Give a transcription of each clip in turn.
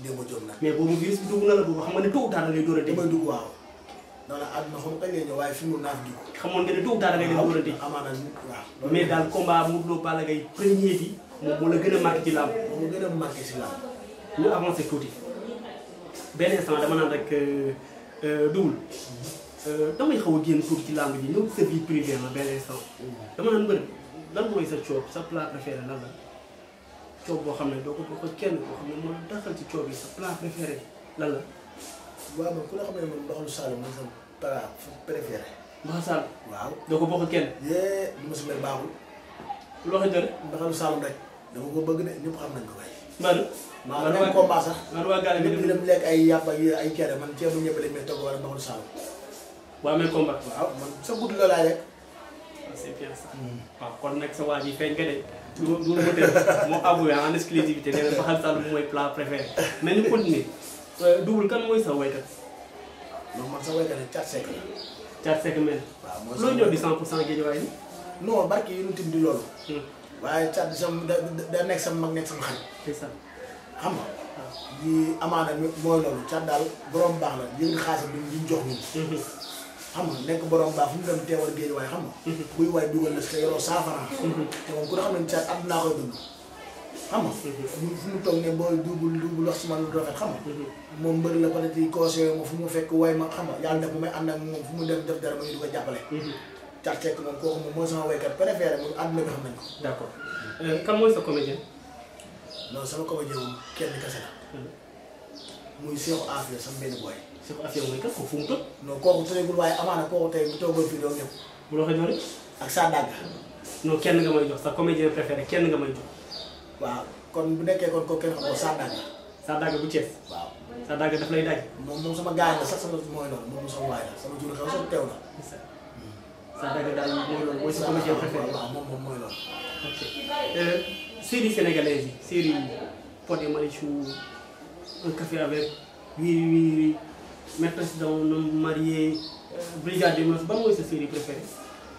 Demba Diop nag. mais boobu virus bi dugg na la boobu xam nga ne tôt ou tard da ngay dóorante. damay dugg waaw. non non àdduna xam nga kañ lay ñëw waaye fi di ko. xamoon nga ne tôt ou waaw. moom moo la gën a marqué ci làmb. moo gën a marqué ci làmb. ñu avancé tuuti benn instant dama naan rek euh, euh, Double. Mhm. Euh, damay xaw a génn tuuti ci làmb ji ñëw sa vie privée la benn instant. Mhm. dama naan mbër lan mooy sa coob sa plat préféré lan la. coow boo xam ne doo ko bokk kenn boo xam ne moo taxal ci coow bi sa plat préféré lan la. waaw man ku la xam ne moom ndoxalu sa plat préféré. ndoxalu Saloum. ko bokk kenn. yee baaxul. loxo njëriñ. ndoxalu Saloum rek. dama ko bëgg de ñëpp xam nañ ko maa maa ngi waa Gale bi dem dem lekk ay yàpp ay cere man ceebu ñebe lañ may togg man sa guddi la laay rek. Ah, c'est bien ça. Hmm. Ah, kon nag sa waa ji feeñ nga de. du ma du ma ko def moo avoué en exclusivité nee na Baxal mooy plat préféré mais ñu continuer euh, double kan mooy sa waykat. non man sa waykat Thiat Seck la. Thiat Seck mel. waaw mooy sa looy ñëw di 100 pour cent Guédiawaye yi. non barke yi ñu tudd loolu. Hmm. waaye Thiat di sama da da nekk sama mag nekk sama xam nga. waaw ah. amaana mooy loolu Thiat daal borom baax la yëngu xaalis bi jox ñun. xam nga nekk borom baax fu mu dem teewal géej waaye xam nga. Mm-hmm. buy waay dugal na si te yoroo saafara. Mm-hmm. te moom xam ne caat at naa koy dund. xam nga. ñun mm-hmm. fu mu toog ne booy sama lu xam moom mbër la peut-être yi fu mu fekk way ma xam nga yàlla def mu may ànd mu dem def dara ma ñu ko jàppale. caat fekk moom kooku moom mooy sama waykat préféré mu àdduna xam nañ ko. d'accord euh, kan mooy sa comédien. non sama comédien moom kenn kese la. muy Seexu Afia sama benn boy. siwai ka ko funto no kooku tëjagul waaye amaana kooku tey bu toogoon fii doo ñëw mu la ko jox ak sa dàgg non kenn nga may jox sa comédien préféré kenn nga may jox waaw kon bu nekkee kon kooku kenn xam ko sa dàgg sa dàgg bu Thiès waaw sa dàgg daf lay daj moom moom sama gars la sax sama mooy loolu moom sama waay la sama jur xew sama teew la sa dàgg daal mooy loolu mooy sa comédien préféré waaw moom moom mooy loolu ok ờ, série sénégalaise yi série Pod et Marichou un café avec oui oui maîtresse d'un homme marié euh, de Mars ban mooy sa série préférée.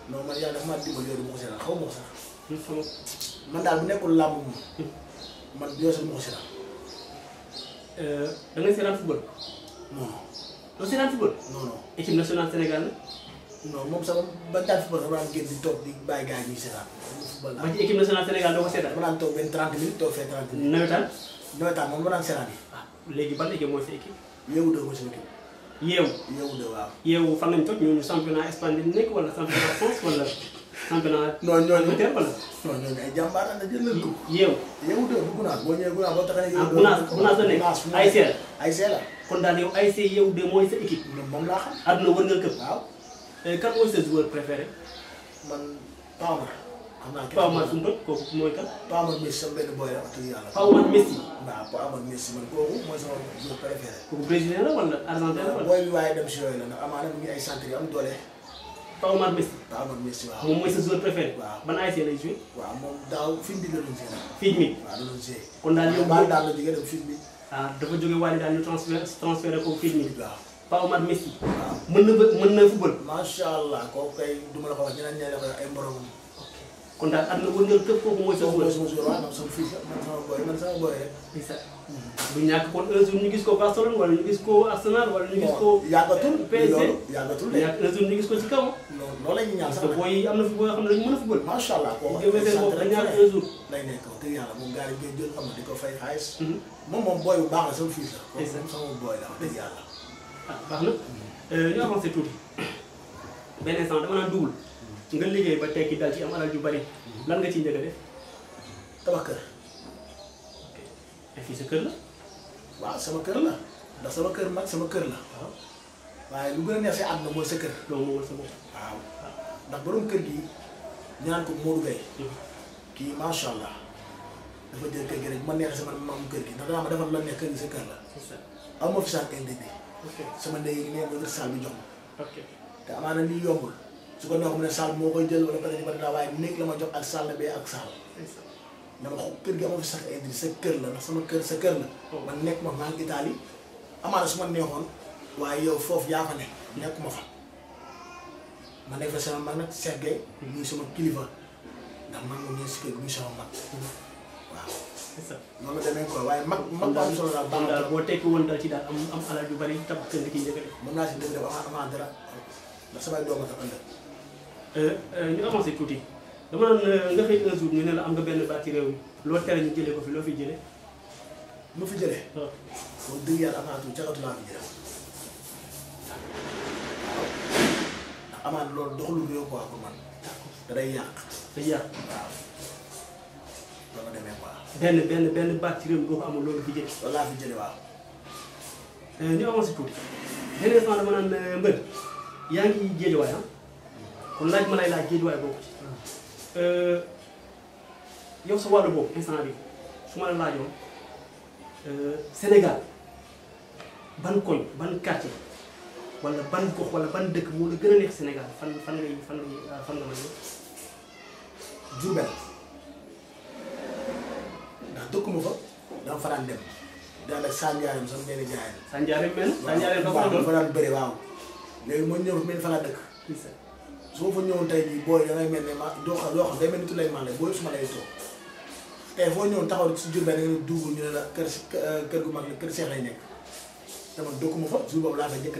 non man yàlla dafa maa dimbali yooyu du ma ko seetaan xaw ma sax. man daal bu nekkul làmb moom man yooyu sax du euh, daal génn di di bàyyi gars yi ñuy seetaan. football ba ci équipe nationale Sénégal doo ko seetaan. ma daan toog benn minutes toog fee 30 minutes. Ah, léegi ban équipe yeewu yeewu de waaw. yeewu fan lañ toog ñooñu championnat Espagne lañ nekk wala championnat France wala championnat. non ñooñu Angleterre wala. non ñooñu ay jàmbaar la jël nañ ko. yeewu yeewu de bu Gunaas boo ñëwee Gunaas boo taxee. ah Gunaas Gunaas la nekk ASC la. ASC la kon daal yow ASC mooy sa équipe. moom laa xam. àdduna wërngal këpp. waaw. Eh, kan mooy man Pambal. Paa Omar Sumba kooku mooy kan. Paa Omar Messi sama benn boy la wax dëgg yàlla. Paa Omar Messi. waaw Paa Omar Messi man kooku mooy sama joueur préféré. kooku brésilien la wala argentin la wala. booy bi waaye dem si yooyu la ndax amaana mu ngi ay centre yu am doole. Paa Omar Messi. Paa Omar Messi waaw moom mooy sa joueur préféré. waaw ban ASC lay joué. waaw moom daaw film bi la doon joué. film bi waaw la doon joué. kon daal yow baal daal la jógee dem film bi. ah dafa jógee waaye daal ñu transfert transféré ko film bi. waaw Paa Omar Messi. waaw mën na ba mën na football. macha allah kooku kay du ma la ko wax ñeneen ñeneen la ko ay moromam kon daal àdduna wëndal képp kooku mooy. sama sama sama fii booy man sama ñu gis ko Barcelone wala ñu gis ko Arsenal wala ñu gis ko. yàggatul PSG yàggatul de. ñàkk un jour ñu gis ko ci kaw. loolu la ñuy booy yi na football yoo xam ne dañu mën yàlla moom gars yi na di ko fay xaalis. Mhm. moom moom booy bu baax la sama fii la. moom sama booy la wax dëgg yàlla. ah baax na euh, ñu avancé tuuti benn instant dama naan nga liggéey ba tekki dal ci am alal ju bari mhm. lan nga ciy njëkk a def kër te fii sa kër la waaw sama kër la ndax sama kër mag sama kër la ah. waaye lu gën a neex si àdduna mooy sa kër ah. ndax borom kër gi ñaan ko Modou Gueye mhm. kii macha allah dafa jël ma neexee sama kër gi ndax damaa ma defar la nekk kër gi sa kër la aw ma fi indi bi sama ndey gi saal bi jox ma te amaana lii yombul su ko neexoon ne salle moo koy jël wala benn ji ba waaye néeg la ma jox ak salle bee ak salle. dama ko kër gi ma sax Idriss sa kër la ndax kër sa kër oh. nekk ma maa ngi su ma neexoon waaye yow foofu yaa fa ne ma nekk fa sama nag Cheikh Gueye. Hmm. sama kilifa ndax man ma ñëw si kër gi muy sama mag. waaw. c'est ça noonu la demee quoi waaye mag. mag tekki woon daal ci daal am am alal yu bari tabax kër gi ciy njëkk rek. mën naa si dëgg dafa am dara ndax samay doom a tax Euh, euh, ñu avancé tuuti dama doon euh, nga xëy un jour ñu ne la am nga benn baat réew mi loo ñu jëlee ko fi loo fi jëlee. lu fi jëlee. waaw moom dëgg yàlla avant tout jaxatu laa fi jëlee ndax loolu doxalu réew benn benn benn baat ci réew mi boo ko amul loolu fi jëlee. loolu laa fi jëlee waaw. ñu avancé tuuti. beneen fois dama naan mbër yaa ngi jéejewaay ah. kon laaj ma lay laaj Guédiawaye bokk ci. Euh, yow sa wàllu boobu instant bi su ma la laajoon euh, Sénégal ban koñ ban quartier wala ban gox wala ban dëkk moo la gën a neex Sénégal fan fan ngay fan ngay euh, fan nga ndax dëkkuma fa dama fa daan dem daanaka Sane Ndiarème sama benn jaayam. Sane Ndiarème mel. Sane daan doon waaw waaw. léegi ma ñëw mel fa laa dëkk. su ma fa ñëwoon tey jii booy da ngay mel ne ma doo xam doo xam day mel ni lay màlle lay taxaw si jur benn nga ne duubul ñu kër gu mag la kër Cheikh lay nekk dama fa jour boobu laa def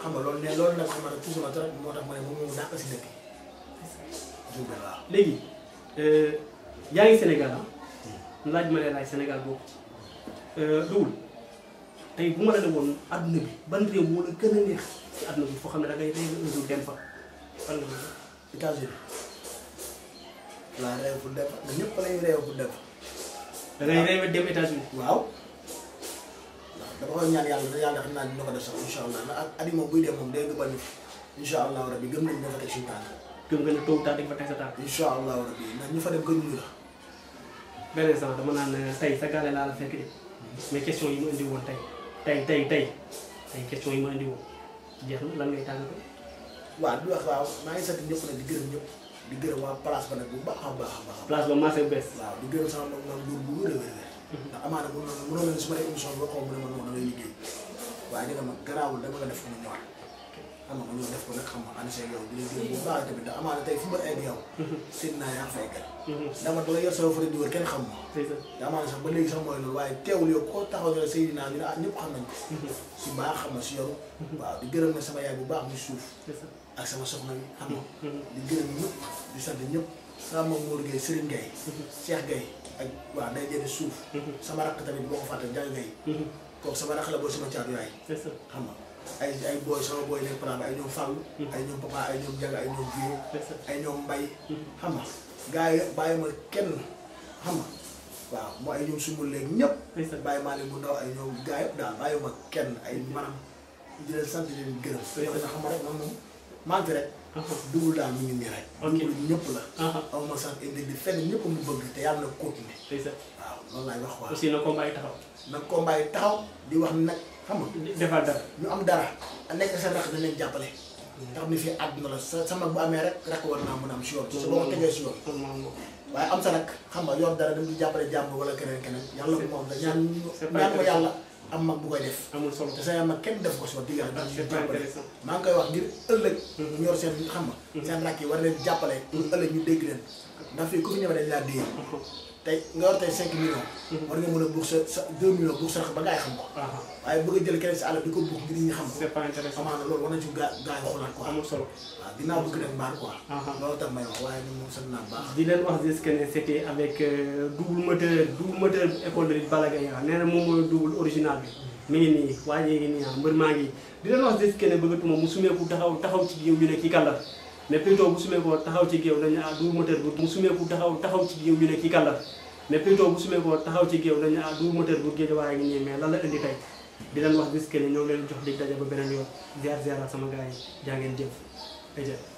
xam nga loolu ne loolu nag xam nga toujours la trop moo moo dàq si euh, ngi Sénégal ah hmm. laaj ma lay laaj Sénégal boobu euh, duwul bu ma la ne woon adduna bi ban réew moo la gën a neex si adduna bi foo xam ne da ngay réew un fa. fan la États-Unis laa réew pour départ ñëpp lañu réew pour départ. da ngay réew dem États-Unis. waaw dama koy ñaan yàlla da yàlla xam naa ñu dañ fa teg sa tànk. incha dem gënuñu beneen sax dama naan eh, tey sa gaale laa la fekk de mais question yi ma indi tey tey tey tey question yi ma indi jeex na lan ngay tànn ko. waaw di wax waaw maa ngi sant ñëpp nag di gërëm ñëpp di gërëm waa place ba nag bu baax a baax a baax. place ba marché bees. waaw di gërëm sama moom maam Ndour bu wér a wér mhm. ndax amaana bu noonu mënoon leen su ma dee émission bi waxoon mu ne ma noonu damay liggéey waaye dina ma garaawul dama nga def ko mu ñëwaat xam nga ma ñëw def ko nag xam nga ànd see yow di leen gërëm bu baax tamit ndax amaana tey fu ma egg yow. Mhm. seen naa yaa fay gën dama la yor sama fari di wër kenn xam ma daamaa ne sax ba léegi sax mooy loolu waaye teewul yow koo taxaw ñu ne Seydina ñu ne ah ñëpp xam nañ si baax xam na si yoru waaw di gërëm na sama yaay bu baax mu suuf ak sama soxna bi xam na mm-hmm. di gërëm ñëpp di sant ñëpp sama moom Mour Gueye Serigne Gueye mm-hmm. Cheikh ak waaw day jënd suuf mm-hmm. sama rakk tamit boo ko fàtte Ndiaye Gueye kooku sama rakk la boo sama caatu yaay ay ay booy sama booy nekk par ay ñoom Fallou. ay ñoom Papa ay ñoom Jaga ay ñoom Guèye. ay ñoom Mbaye. xam nga gars yi bàyyi ma kenn xam nga waaw moo ñëpp. bàyyi maa leen bu ndaw ay ñoom gars yëpp daal kenn ay maanaam di leen sant di leen gërëm. parce que xam man moom rek. dugul daal mi ngi rek. ñëpp la. Uh-huh. aw ma sant indi di fenn ñëpp mu na continuer. taxaw. na combat taxaw di wax nag. xam nga defal dara ñu am dara nekk sa rakk na leen jàppale nga xam ne fii àdduna la sa sama bu amee rek rakk war naa mën a am si yoon su boo ko tegee si waaye am sa rakk xam nga yor dara dem jàppale jàmm wala keneen keneen yàlla bu moom la am mag bu koy def amul solo te def ko si wax dëgg maa ngi koy wax ngir ëllëg mm-hmm. ñu yor seen xam nga mm-hmm. seen rakk yi war leen jàppale pour mm-hmm. ëllëg ñu dégg leen ndax fii ku fi ñëwee dañ laa dégg tey nga war tey 5 millions. a buux sa sa 2 millions buux ba gars yi xam ko. Uh-huh. waaye bëgg a xam ko. c'est pas intéressant amaana loolu solo dinaa bëgg dem mbaar quoi. Uh-huh. loolu tam may wax waaye bu baax. di leen wax juste que ne c'était avec euh, double moteur double moteur école de ah. nee moom mooy double original bi. mi ngi nii waa jee ngi nii ah maa ngi di leen wax juste que ne bëggatuma mu sumee ku taxaw taxaw ci yow ñu ne kii kan la. mais plutôt bu sumee ko taxaw ci géew dañu ah Double Moteur Bour mu sumee taxaw taxaw ci géew ñu ne kii kan la mais plutôt bu sumee ko taxaw ci géew dañu ah Double Moteur Bour Guédiawaye ngi nii mais lan la indi tey di leen wax bis que ni ñoo ngi leen jox dig daje ba beneen yoon ziar ziar sama gars yi jaa ngeen jëf